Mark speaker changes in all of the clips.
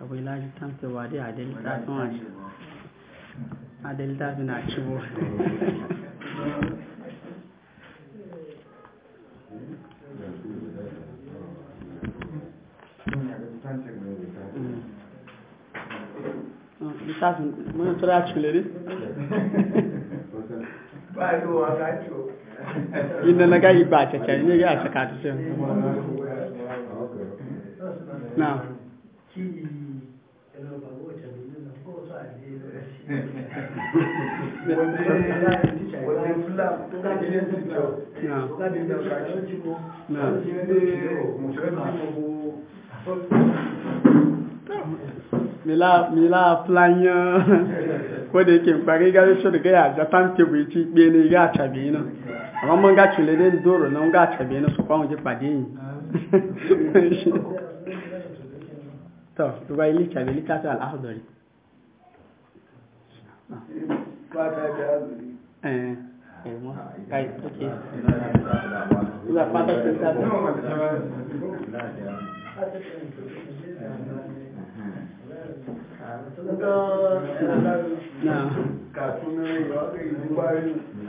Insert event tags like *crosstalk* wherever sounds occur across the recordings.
Speaker 1: akwai lajitan ta ba dai a dalita sun
Speaker 2: a
Speaker 1: a dalita sun hmm. mun tura cikin
Speaker 2: ba ta ciwo inda na gaji ba ne ya
Speaker 3: na
Speaker 1: mila filanya wadda yake bari gari shi daga ya japan tebuci gbe ne ga cabe na amma mun ga cile dai doro nan ga cabe na su kwanwa ji pade yi to dubai lika da lika ta al'adari
Speaker 4: ba ta da da
Speaker 1: eh, eh,
Speaker 4: na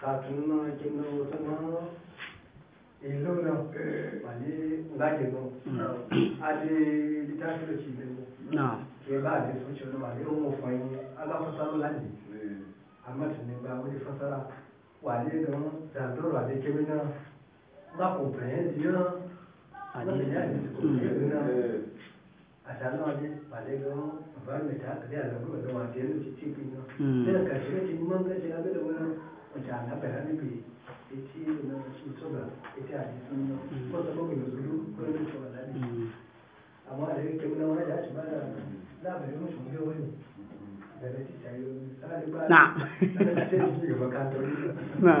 Speaker 3: katuna kina wotana ilo na wani ngake no ade litafi lo chile na ke ba ade so chile ma le mo fayin ala fasaro landi amma tunne ba wani fasara wale ga da doro ade kemina na comprehend ya ade ya ni ko na asalo ade wale ga ba me ta da ya lo ga ma de ni ti ti na da ka shi ne mun ga shi abin da wannan wajana bayan ribe a na a nisan *laughs* nan ko sabon da yake wani wani da shi ba da za a na ci bakatar wani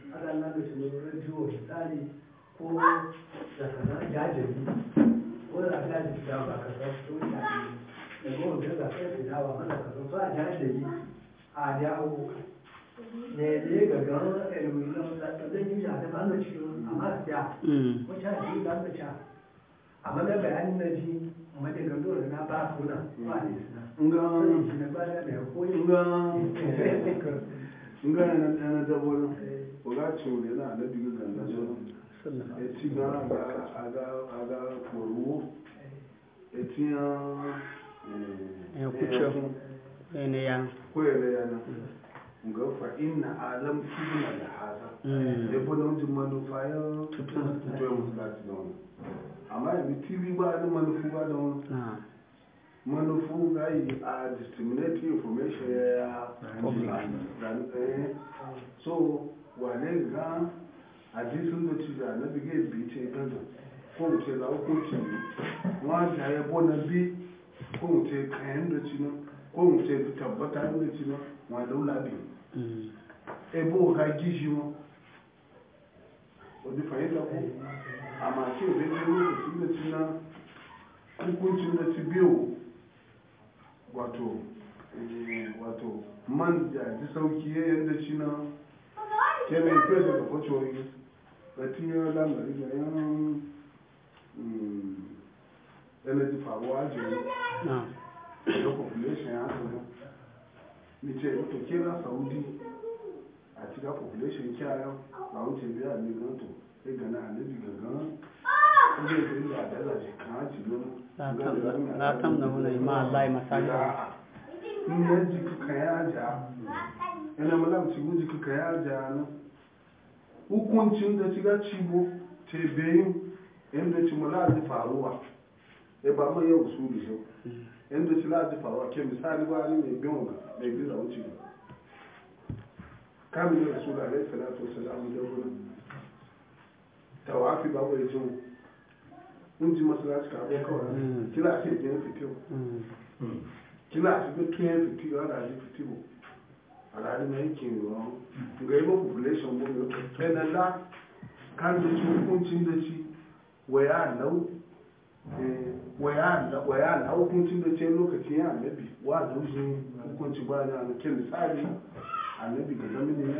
Speaker 3: ana lalata ne wurin jiwo tsari ko da kana jajiri ko da a ji da ba ka san to ya ne da ko da ka san da ba ka san to a jajiri a dawo ne ne ga ga elmi na da zan yi ya da mm. na cikin amma ya ko ta ji da ta ta a da bayanin na ji amma ga dole na ba
Speaker 4: kuna ba ne
Speaker 3: na ga na
Speaker 4: ba da ko yi ga *laughs* sun gane nan da na dabbobin ko ga na alabi na na zuwa ya ci ga aga koruwo ya ci ya eh,
Speaker 1: kuce ne ya
Speaker 4: koyar da yana ga fa'in na alam tubuna da hasa hmm. ya bude wajen manufa
Speaker 2: ya tutu ya musu da wani
Speaker 4: amma ya bi tv ba a manufa ba da wani ah. manufo yi a discriminatory information ya eh, so wane ga hadisin da ci da na bige bice gaza ko wuce da hukunci ne ma da ya bona bi ko wuce kayan da ci nan ko wuce tabbata da ci nan ma daula bi mm. ebo ga gishi mo odi fahimta ko amma ce bai zai lokaci da ci nan hukuncin da ci biyu wato eh, wato man da ji sauki ya yadda shi na ke mai fiye daga kwacewoyi da tiyo lamari da yan mm, energy faruwa jini da population ya haka ni ce wato ke na saudi a cika population kyayan ba wuce biya ne ganto ya gana a nabi gangan la tamna'una ima Allah masajidah nne jikuka yaja ene malam chigu ya ja na hukuncin da shiga cibo tebeyin inda ci mulaji faruwa ya ba mai yau su bisho inda ci laji faruwa ke misali ba ni mai biyan ga mai wuce ba kamun yau da alaihi salatu wasu da abu da wuri tawafi babu ya jin nji masalasi ka bɛ kɔ la kila hmm. hmm. hmm. a se jɛn fiti o kila a se bɛ tuyɛn fiti o ala ali fiti o ala ali yi kin yɔ nka i bɛ population la kan da ci hukuncin de ci waya lau hukuncin da ce lokacin ya annabi wa lau shi hukunci ba da annabi misali annabi ga zamanin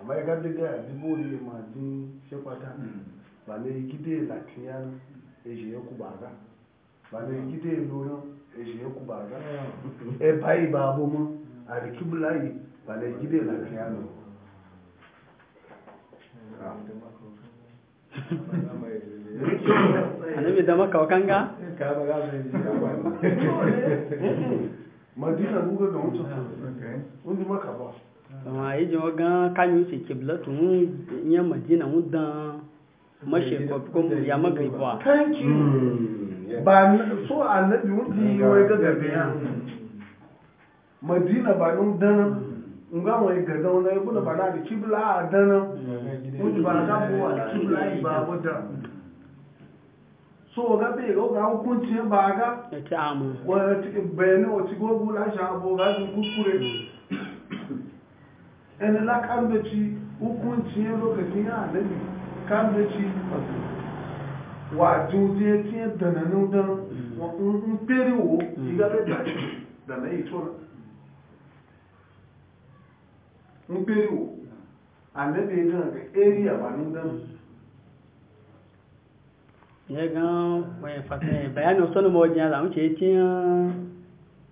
Speaker 4: amma ya da dubu ne maji din shekwata ba na gide latiyan ya ku baga ba na gide loyon eji ya ku baga e bayi ba abu mu a riki bulayi ba gide ga madina da wanda maka ba
Speaker 1: amma yi jiwa gan kanyu ce kibla tun yi madina mu dan mashe ko ya magribuwa thank you
Speaker 2: hmm.
Speaker 4: ba so annabi wuti wai ga gabe ya madina ba nun dan nga wai ga dan wani kuna ba da kibla a dan wuti ba na ko kibla
Speaker 5: ba wata
Speaker 4: so ga be ga ga hukunci ba ga ta amu wa bayani wa tigo bula sha ga su kukure ɗan la kandoci hukuncin lokacin ya alabi kandoci wato wato je tiye da na nudan mm. wakon periwo mm. igalo da da na na periwo alabi ya ga area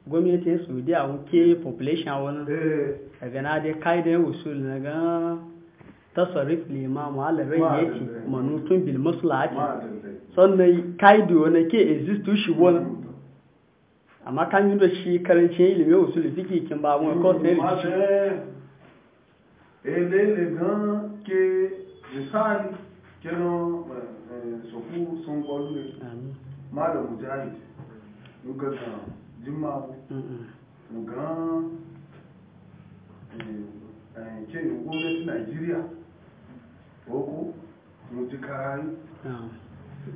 Speaker 1: gwamnatin a wuke population wani eh. daga na dai kaidan usul na ga tasarif limamu rai ya ce manutun bil ake sannan kaidu wani ke existu shi wani amma kan yi da shi karancin ilimin usul fiki kin ba mu ko sai rikici
Speaker 4: ele le gan ke lisan kino eh, soku sun kwallo ne malam mujahid lugar jimawo gan eh, eh, ce yin gwamnati nigeria boko muji karari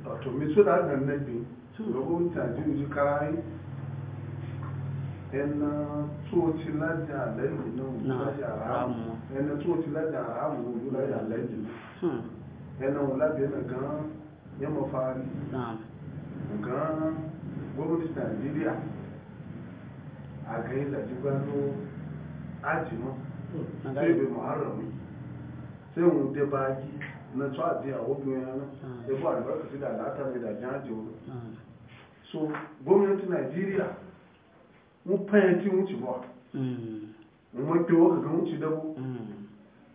Speaker 4: wato ah. misu da hannun nabi gwamnati nigeria ji karari ẹna tóòtí lájà lẹ́yìn náà lájà ráàmù ẹna tóòtí lájà ráàmù ojú lájà lẹ́yìn ẹna wọn lábẹ́ ẹna gan yẹmọ fari gan gwamnati nigeria àgẹ́yìnlá jígbá tó ájìmọ́ tó ìbè mọ̀hárọ̀mí tí òun dé bá yí na tó a àwọn ya na, so gómìnà nàìjíríà wọ́n pẹ́yẹ tí wọ́n ti bọ́ wọ́n pẹ́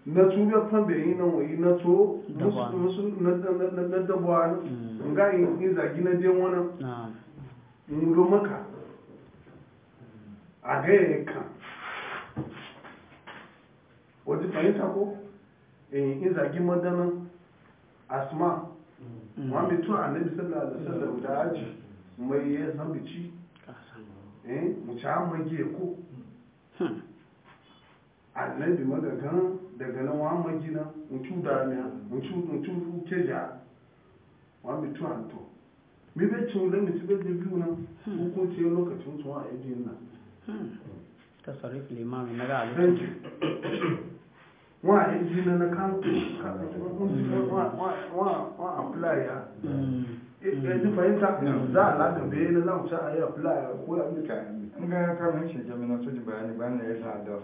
Speaker 4: na tó bẹ́ pẹ́bẹ̀ yìí na wọ́n na na dẹ́bọ́ aná zagi na na maka agaye kan wajen fahimta ko in eh, in zagi madanin asma mm. wa mutu annabi sallallahu alaihi wasallam da aji mai ya san bici eh ko hmm. annabi magagan daga nan wa na mutu da ne mutu mutu ke ja wa mutu an to mi be tun da mutu be biyu nan hmm. hukunci lokacin tun a yajin
Speaker 2: Hmm.
Speaker 1: tasarruf limamin na ga'alin
Speaker 4: wa injina na wa apply ya
Speaker 5: yanzu fahimta za a latin bayan na launce a yi apply ko ya yi ta yi ga ya kama shi jami'an sojin bayani bayan na ya sa da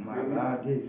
Speaker 5: ma'ana days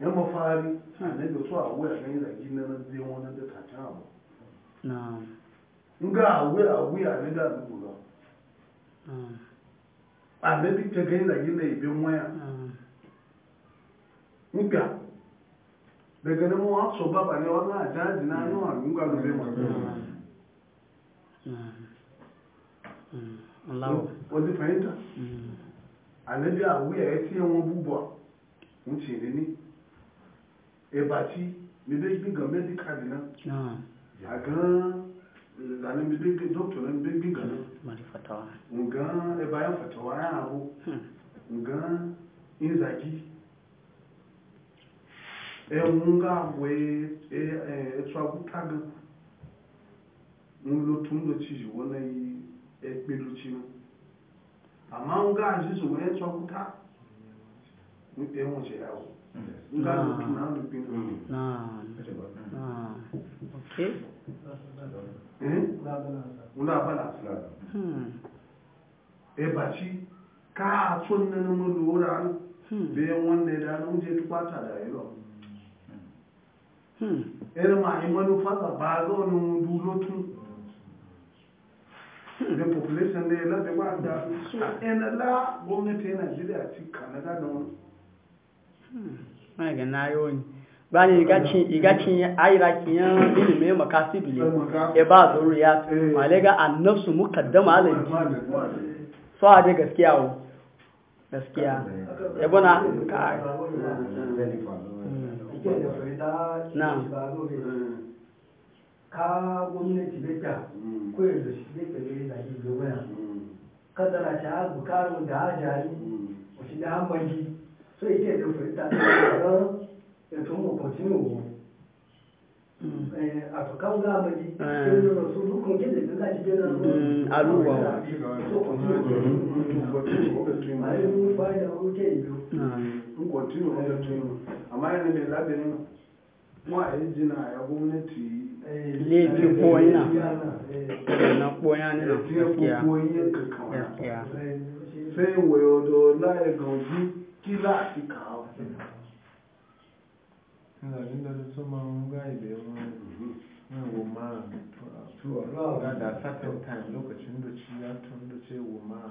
Speaker 4: yan mafari suna da yau a wuya ganin na zai wani da kacin
Speaker 1: abu
Speaker 4: ga a wuya a wuya na ga zuwa
Speaker 2: ba
Speaker 4: a na ta ganin na ibin waya nga daga nan wa so ne wani na yi wa nga lube ma wọ́n ti fahimta mm. a na bi a wuya ya wuce ne ne e baci mi be gbingan medical bi na a gan zane mi be doctor na mi be gbingan na mari hmm, fatawa ngan e bayan fatawa ya abu hmm. ngan in zaki e nga we e e tsagu taga mu lo tun lo ci wannan e pedu ci na amma nga ji so we tsagu ta mu e mu ce yawo e baci ka tun nan lura bayan wanda ya dano je tukwata da yawa irin ma yi manufa ba ba ga wani dulotun da population da ya labe ba da su yana la gwamnati yana jira ci kanada da wani
Speaker 1: mai ga na yoyin bani igacin ayyaraki yan ilimin makasi bile ya ba zuru ya malega annabsu mukaddama alaji so a dai gaskiya wo gaskiya ya buna
Speaker 3: ka na ka gwamnati hmm. beta hmm. ko yanzu shi beta ne hmm. da shi gaba shi ta bukarun da jari ko shi da hambaji 所以这就回答讲，要从我过去我，嗯，哎，啊，不讲我们的，就是说速度空间这个感觉呢，嗯，啊，路啊，速度空间，
Speaker 4: 嗯，我听我的听，哎，我发现我这一个，嗯，我听我的听，啊，嘛，你别那边，我还是那要我们提。laifi koyina na koya ne na gaskiya sai wayo do laye gauji kila àkíkà ọ nígbàdúgbà tó tó máa ń gá ibẹ̀ wọn mm-hmm. náà wò máa tó ọ̀rọ̀ gádà certain time lokacin da ci ya tun da ce wò máa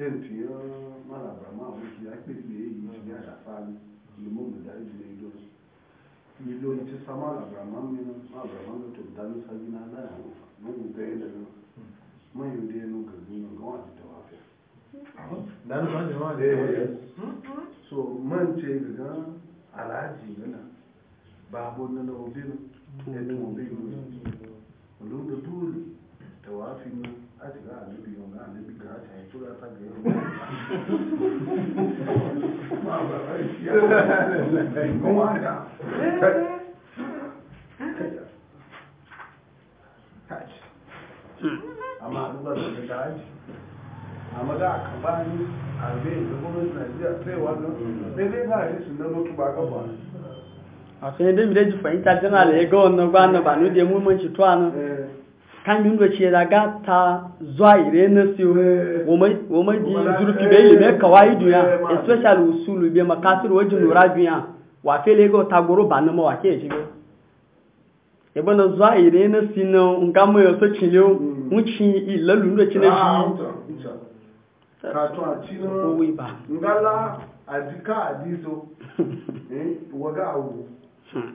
Speaker 4: tẹ́ǹtì yẹn márààbà yi wọ́n ti apèsè èyí ti ní àṣàfà ní ìlú mọ̀dárí ìlú ìlú ìlú ti sá márààbà máa mi náà márààbà máa tó dání sáyé náà ma yi mọ̀gbìn bẹ́ẹ̀ lẹ́nu mọ̀yìn dé inú gàgbé náà gan àti tẹ̀wá fẹ́.
Speaker 2: dání ma jẹ́ wọ́n àdéhùn.
Speaker 4: so ce ń ṣe gàgán aláàjì náà babu na na obin ya tun obin olóòdó dúró tẹ̀wá fi náà ati
Speaker 2: ga annabi yau na annabi ga ta yi tura ta ga yau ba ba ai ya kuma da amma an ba
Speaker 4: da daji amma da aka ba ni a da gwamnati Najeriya sai wannan sai dai ba shi da mutu ba ka ba
Speaker 1: a sai dai mi da ji fahimta tana da ya ga wannan ba na ba ne da muhimmanci to anan kan yundo ce daga ta zuwa ire na siyo wa mai ji zurfi bai lime kawai duniya especially usulu bai makasir wajen nura duniya wa fele ga ta goro ba nama mawa ke shigo ebe na zuwa ire na si na nga mai yaso n wuci ilalu da
Speaker 4: cile shi kato a cikin ngala a jika a diso *laughs* eh, waga awu hmm.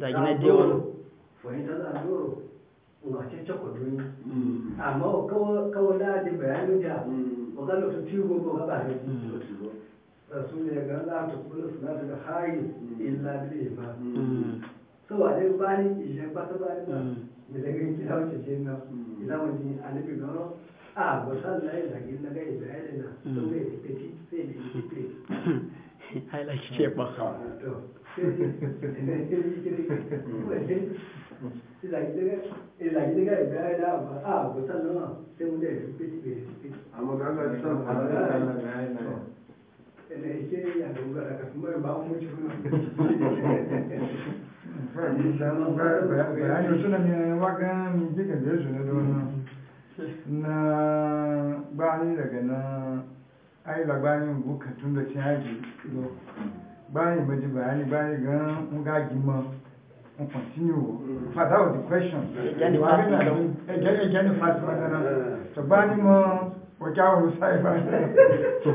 Speaker 3: dagina dewan fahimtar al'adoro wace cakwado amma kawai na da bayanin da mm. wakanda mm. su tigo ba ba ne rasu ne ga za ta kula su nasu da hayi illa bil iman so wa dai ba ni ishe ba ta ba ni da mm. daga gida wace ce na ila wani annabi gano a ba san da yin dagin na gai da yayin na ke ba *laughs* amma ga Allah
Speaker 2: san
Speaker 5: daga na ai labarin bukatun da ci haji báyìí mo bàyìí báyìí gan ń gáàjì mọ́ n continue o but that was the question ẹjẹ ní fásitì wọn nana tó bá ní mọ ọjà òun sáré bá so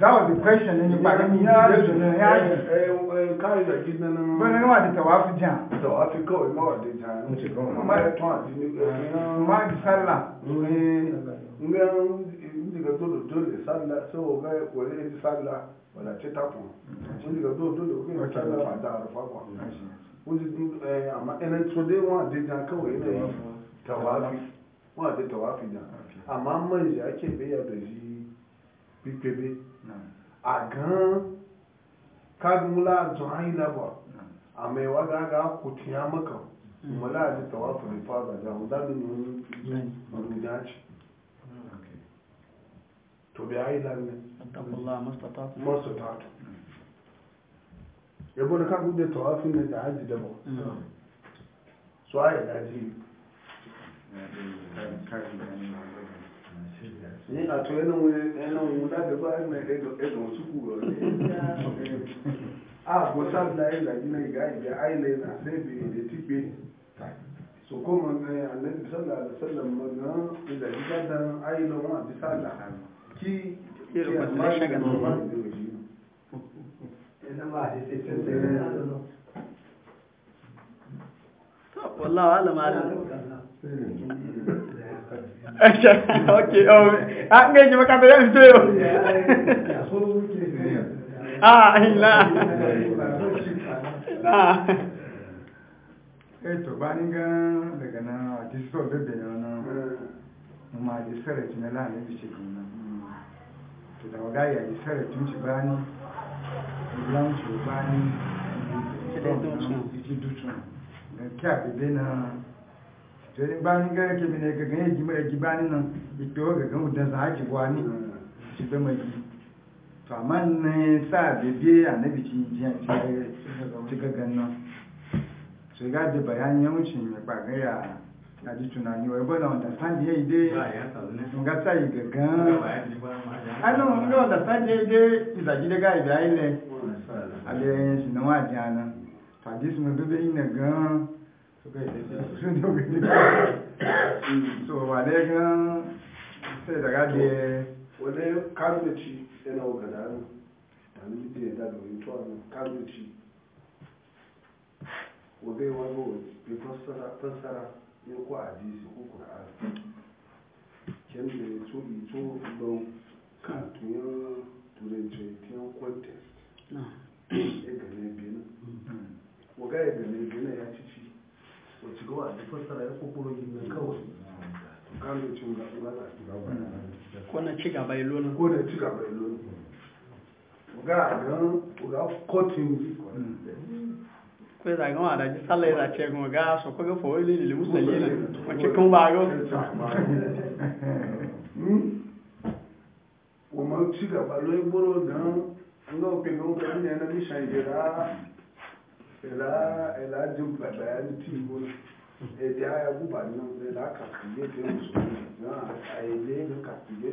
Speaker 5: that was the question ẹni pàdé mi ìdílé ọ̀sẹ̀ náà yá yẹ.
Speaker 4: káyọ̀ ìdàgí nínú. bọ́lá ní wà ní tẹ̀wá
Speaker 5: fi jà. tẹ̀wá fi kọ́ ìmọ̀ ọ̀dẹ̀ jà ní ti kọ́. ọmọ rẹ̀ tán àti ní. ọmọ rẹ̀ sálà.
Speaker 4: ń gbé ń dìgbà tó lò tó lè sálà tó wọlé sálà. wala tetapo kundi ga do do ko ina tsara ba da arfa ko kundi wa da jan kawai ne tawafi tawafi ya ke be ya da ji pipebe a gan kadmula wa ga ga kutiya maka mala mm. da tawafi fa da da da ni mun mun to bi aizan ma stata'tu yabo da kaku da tawafin na da hajji da ba so a yi ji ni na to da ba yana edo su kuro ne a ko sab da yana gina ga ibe aile na sai bi da tipe so da bi que ele é mais chega no normal.
Speaker 3: والله اعلم اعلم
Speaker 5: اوكي جاي بيعمل فيديو
Speaker 2: اه لا لا
Speaker 5: ga daga nan a to da waga ya yi sarar tun bani ilan ci bani cikin dutsun na kya bebe na tori bani gara ke bine gagan ya gima ya gibani nan ito gagan udan za a jibuwa ni ci zama yi to amma ne sa bebe a na bici jiya ci gagan nan sai ga da bayan yawancin ya bagaya na ji tunani wai bana understand yayi dai nga tsayi gagan ano nga understand yayi dai izaji daga ibi aile ale yin shi na wa jana to this mun dube ina gan so wa dai gan sai daga de wale karbici yana ogada da
Speaker 4: ni bi da da wani to karbici wa bai wani wani fassara ya ku hadisi ko qur'ani ken da so bi so don ka tuyan turanci tiyan contest ya gane bina waga ya gane bina ya ci ci wacce gawa da fassara ya kokoro yin kawai kano cin ga ba za su gaba ko na
Speaker 1: ci gaba ko na
Speaker 4: ci gaba ilona ga ga
Speaker 1: questa guarda ci sta lei da c'è come caso come poi lì li usa lì ma c'è con vago
Speaker 4: kuma ci gaba lo iboro gan an ga ofe gan kan ne na mishan jira ela ela jin baba ya ti go e ti aya bu ba ela ka kiye ke musu na ai le ka kiye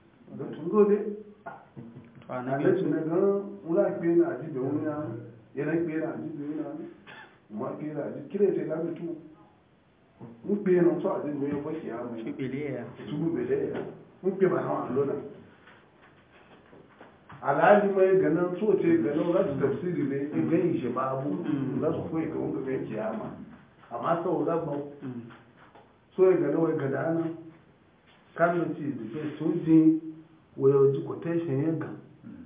Speaker 4: da tungole a na lati na gan wula kpe na aji da wuni ya yana kpe na aji da yana ma kpe na aji kire ce lami tu n kpe na so aji da yana baki ya mai tubu bele ya n kpe ba na wa lona alhali mai ganin so ce ganin za su tafsiri ne in gan yi shi foyi mm. e ka su koyi ga wanda a ma amma sau rabban so ya ganin wai gada nan kan ci da ke sojin wọ́n ti quotation yẹn kan hmm.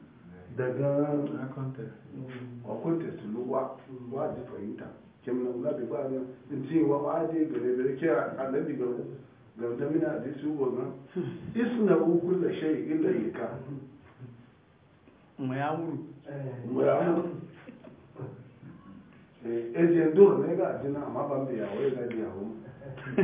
Speaker 4: daga a contest luwa ba da fahimta kim nan labi ba nan in ce wa ba gare gare ke annabi ga garda mina da gona isna u kullu shay illa yaka mu ya
Speaker 2: eh, ya
Speaker 4: muru *laughs* eh, ne ga jina amma ban
Speaker 2: biya wai ga Thank eh.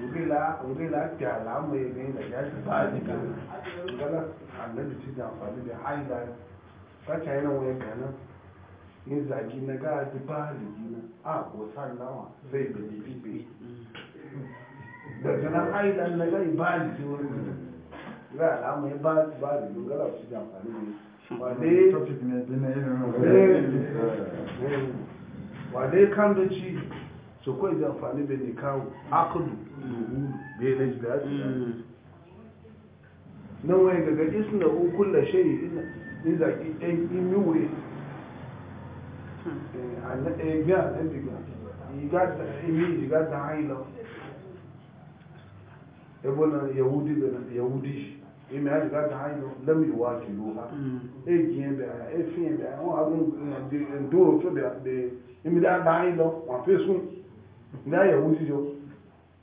Speaker 4: orila kyala mai ne da ya shi ba a jika ngala annabi da amfani da haida ta ce yana waya na ga ti ba da gina a gosan nawa zai da jibe daga na
Speaker 5: ga ba da gina
Speaker 4: ga ba ba shi wade
Speaker 5: topic ne dina yin
Speaker 4: wade kan da ci so kawai da bai na ji daɗi nan wai ga gaji suna ukun da shayi in zaki ɗan yi wuri a na ɗaya biya na biya imi jiga ta haila ebo na yahudi da na yahudi shi imi ya jiga ta haila lam yi wa ki luha e jiyan da ya e fiye da ya wa abin doro to da imi da ta haila wa fesun na yahudi jo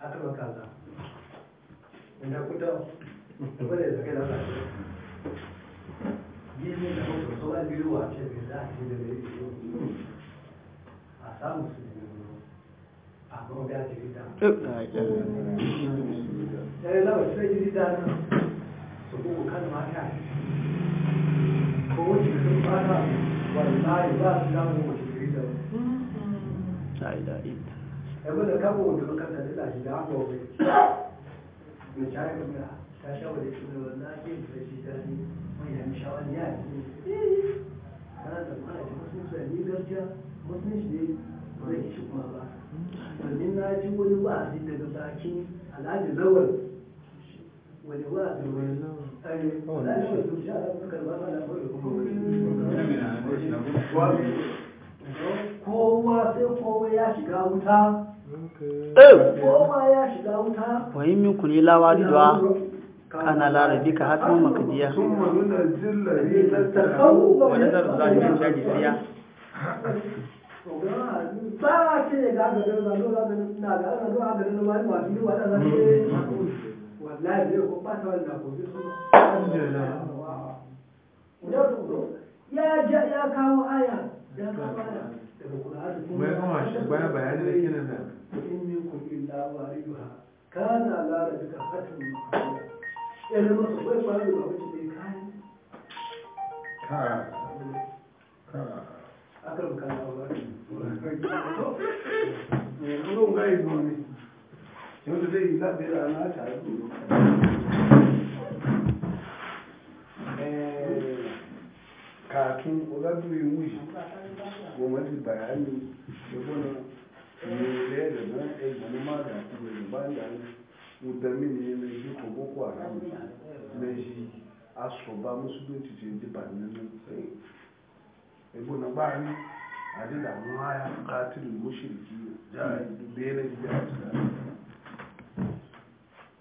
Speaker 3: akar makalla inda kuta wadda ya zaka lafa gini da mutu so a biyu a ce bai za a ce da bai a samu su ne a kuma ga ya yi lafa eh, sai jirita nan su kuku kan mata ko wuce sun fata wallahi ba su damu wace jirita ba ta ida ita ya bude kabo da suna eh, oh, hmm. kowa kowa ya shiga wuta
Speaker 1: wayin eh. min kuni lawari duwa kana larabi ka hatman
Speaker 3: makadiya wani zarar ya kawo aya ya kawo aya bayan da ke
Speaker 4: kafin ƙuratun wuce goma da bayani da gona yare da na ɗaya ma da kuma da ne mai yi kogo shi aso ba musu ji ba nan sai ebo na ba ni a ji haya da ya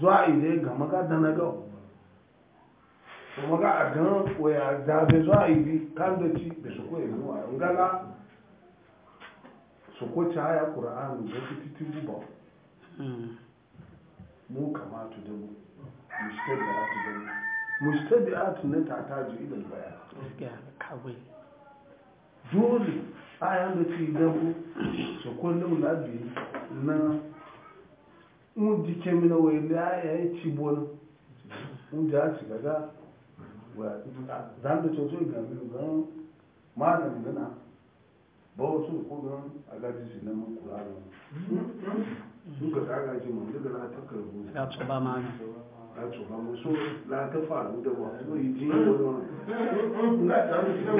Speaker 4: zuwa ile ga magada na ga maga a gan waya zabe zuwa ibi kandoci da su koya zuwa yau gala su ko caya ƙura'anu da su titi buba hmm. mu kamata da mu mustabi a tu da mu mustabi a tu na tataji idan baya dole ayan da ci dabu su kullum labi na un jike mina na ya yi cibon un ja ci gaga zan da coco ga mini zan magani gana ba wasu ko gan agaji shi na makula ne sun ka tsaga ji mun daga na takar bu ya ci ba ma ya ci ba mu so la ta faru da ba so yi ji ko don
Speaker 2: na ta ji da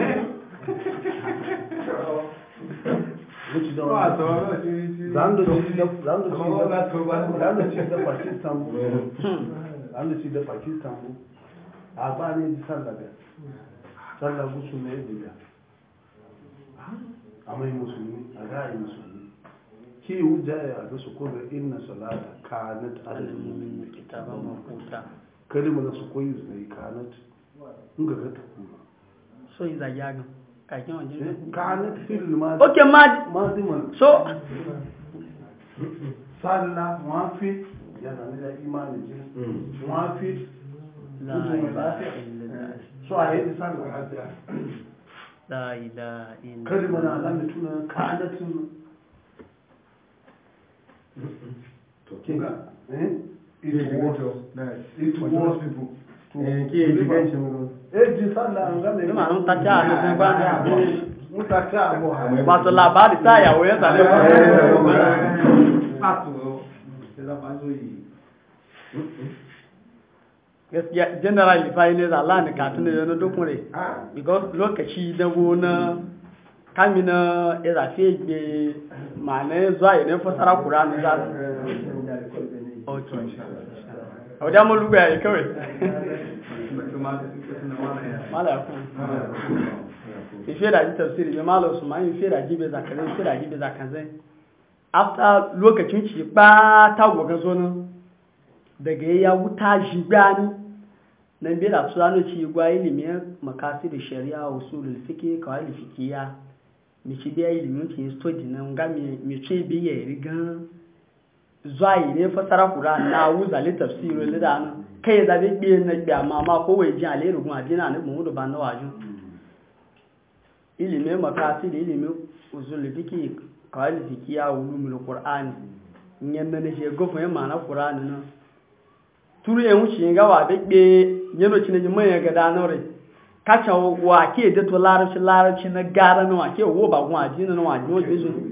Speaker 2: mu *laughs*
Speaker 4: which don't want to zando ci da zando ci zando ci da Pakistan mu zando ci da Pakistan mu a ba ne ji sallah da sallah gusu ne da amma yi musulmi a ga yi musulmi ki ya da su kuma inna salata kanat alal mm, mu'minin kitaban mawquta kalmar su koyi zai kanat in ta kuma
Speaker 1: so yi kakin wajen eh, kanat
Speaker 4: fil madi *laughs* okay madi madi so salla wafi ya zane imani jin hmm. wafi eh, so a yi salla hadiya
Speaker 1: la ilaha illallah kalmar
Speaker 4: alamu
Speaker 3: tuna kanatun
Speaker 4: to kinga eh it was nice it was nígbà tó ń ta tíá àti ìgbà ní àbọ̀ pàtó làbáàdì tá àyàwó yẹn tàbí ọ̀pọ̀
Speaker 1: gaskiya generally fayi ne zala ne katin da yana dokure because lokaci da gona kami na irafe gbe ma na zuwa ne fasara kura ne za su a wajen mun luga yayi kawai ifera ji tafsiri be mala usman ifera ji be zakare ifera ji be zakanze after lokacin ci ba ta goga zonin daga ya wuta shi gani Na biyar da tsano ci gwa ilimin makasir shari'a usulul fiqh kawai fiqiya mi ci bi ilimin ci study nan ga mi mi ci bi yayi gan zaire fasara kura na wuza li tafsiru li da kai da bi bi na bi amma ko wai jin ale rugun adina ne mu da na waju ilimi makasi da ilimi usul fiki qal fiki ya ulumul qur'an nyen ne je gofu ya mana qur'an na turu e wuci ga wa be be nyeno cine ji mai ga da Ka kacha wa ke da to larabci larabci na gara na wa ke wo ba gun adina na wa jo jesu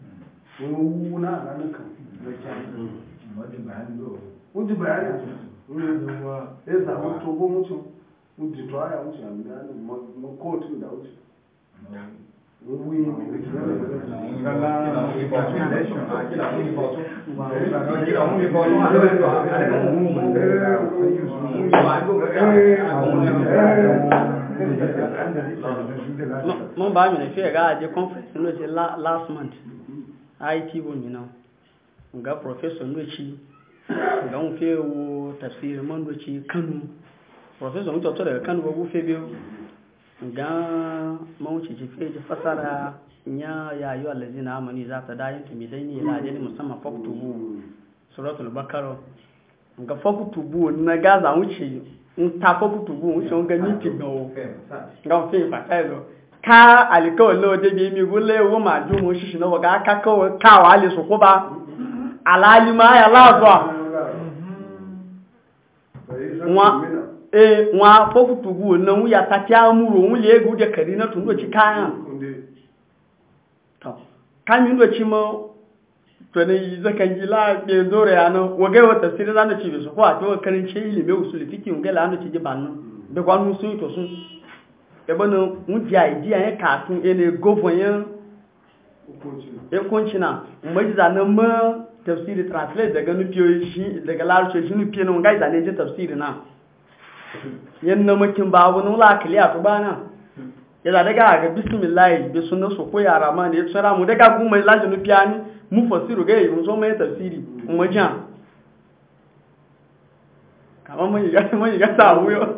Speaker 4: wuna ranar kan wuji bayani ya samu togo mucin wuji to aya wuce a makotun da wuce
Speaker 3: mi
Speaker 1: conference last month IT bo nyina ga professor ndoci ga mu fe wo tafsir man ndoci Kano professor mutu to da Kano ba gu fe be ga mu ci ci fe fasara nya ya yi ayu allazina amani za ta dayin tumi dai ni la jadi musamman faktubu suratul bakara ga faktubu na ga za mu ci n ta faktubu mu ci ga ni ti ga ga fe fa kai lo ka alika lawa da bi mi gule wo ma ju mu shi na waga ka kawai kawa ali su ko ba alali ma ya lazwa wa eh wa fofu tugu na mu ya ta ti amuru mu le gu de kari na tun do ci ka to Ka min do ci mo to ne yi zakan ji la be dore ya no bi a to la no ji ban no be ebonu wuji idea yin kafin ene gofon yin ekuncina mgbe zanen ma tafsiri translate daga nufiyoyi shi daga larushe shi nufiyoyi na ngai zane jin tafsiri na yin na makin babu na wula akali a tuba na ya za daga ga bismillahi bi sunna su ko yara ma ne tsara mu daga kuma mai lajin nufiya ni mu fasiru ga yi mun so mai tafsiri mu jan kamar mun yi gasa mun yi gasa wuyo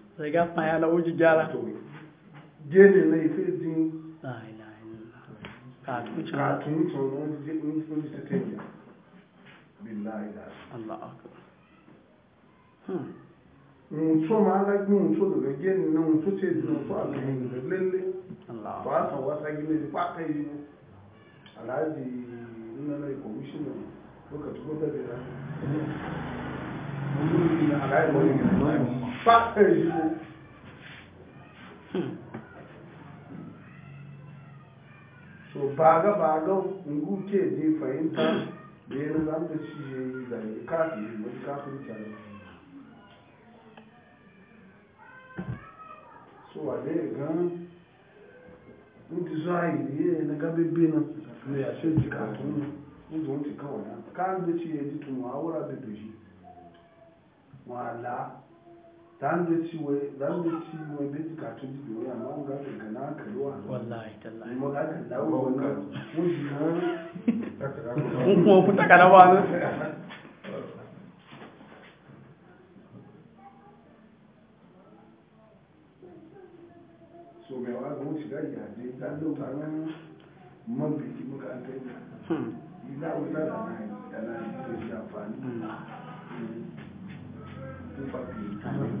Speaker 1: Sega fanya la wuji gyara.
Speaker 4: Gene na ife din. Katun can. Katun can wani je su tanya. Billahi da. Allah akbar. Hmm. Mutu ma ala gbi mutu daga gene na mutu ce da mutu a kan yin lalle. Allah. Ba ta wata gine ba ta yi mu. Alhaji nuna na commissioner lokacin da bai da. Mun yi alhaji wani gina. fa èyíwó so baga baga ngu ke je fahimta da yana zan da shi ya yi ne kafin yi wani kafin cari so a dai gan ndi zahiri ya na gabe bina na yashe ne ndi wanti kawai kan da shi ya ji tumuwa wura da doshi wala zanda ciwo zanda ciwo da ji katun ji biyu ya mawa ga daga na karuwa wallahi tallahi mu ga kan dawo wannan mun na mun kuma fita kana ba ne so wa mu shiga ya je dan ta nan man bi ki muka an kai ina da da ke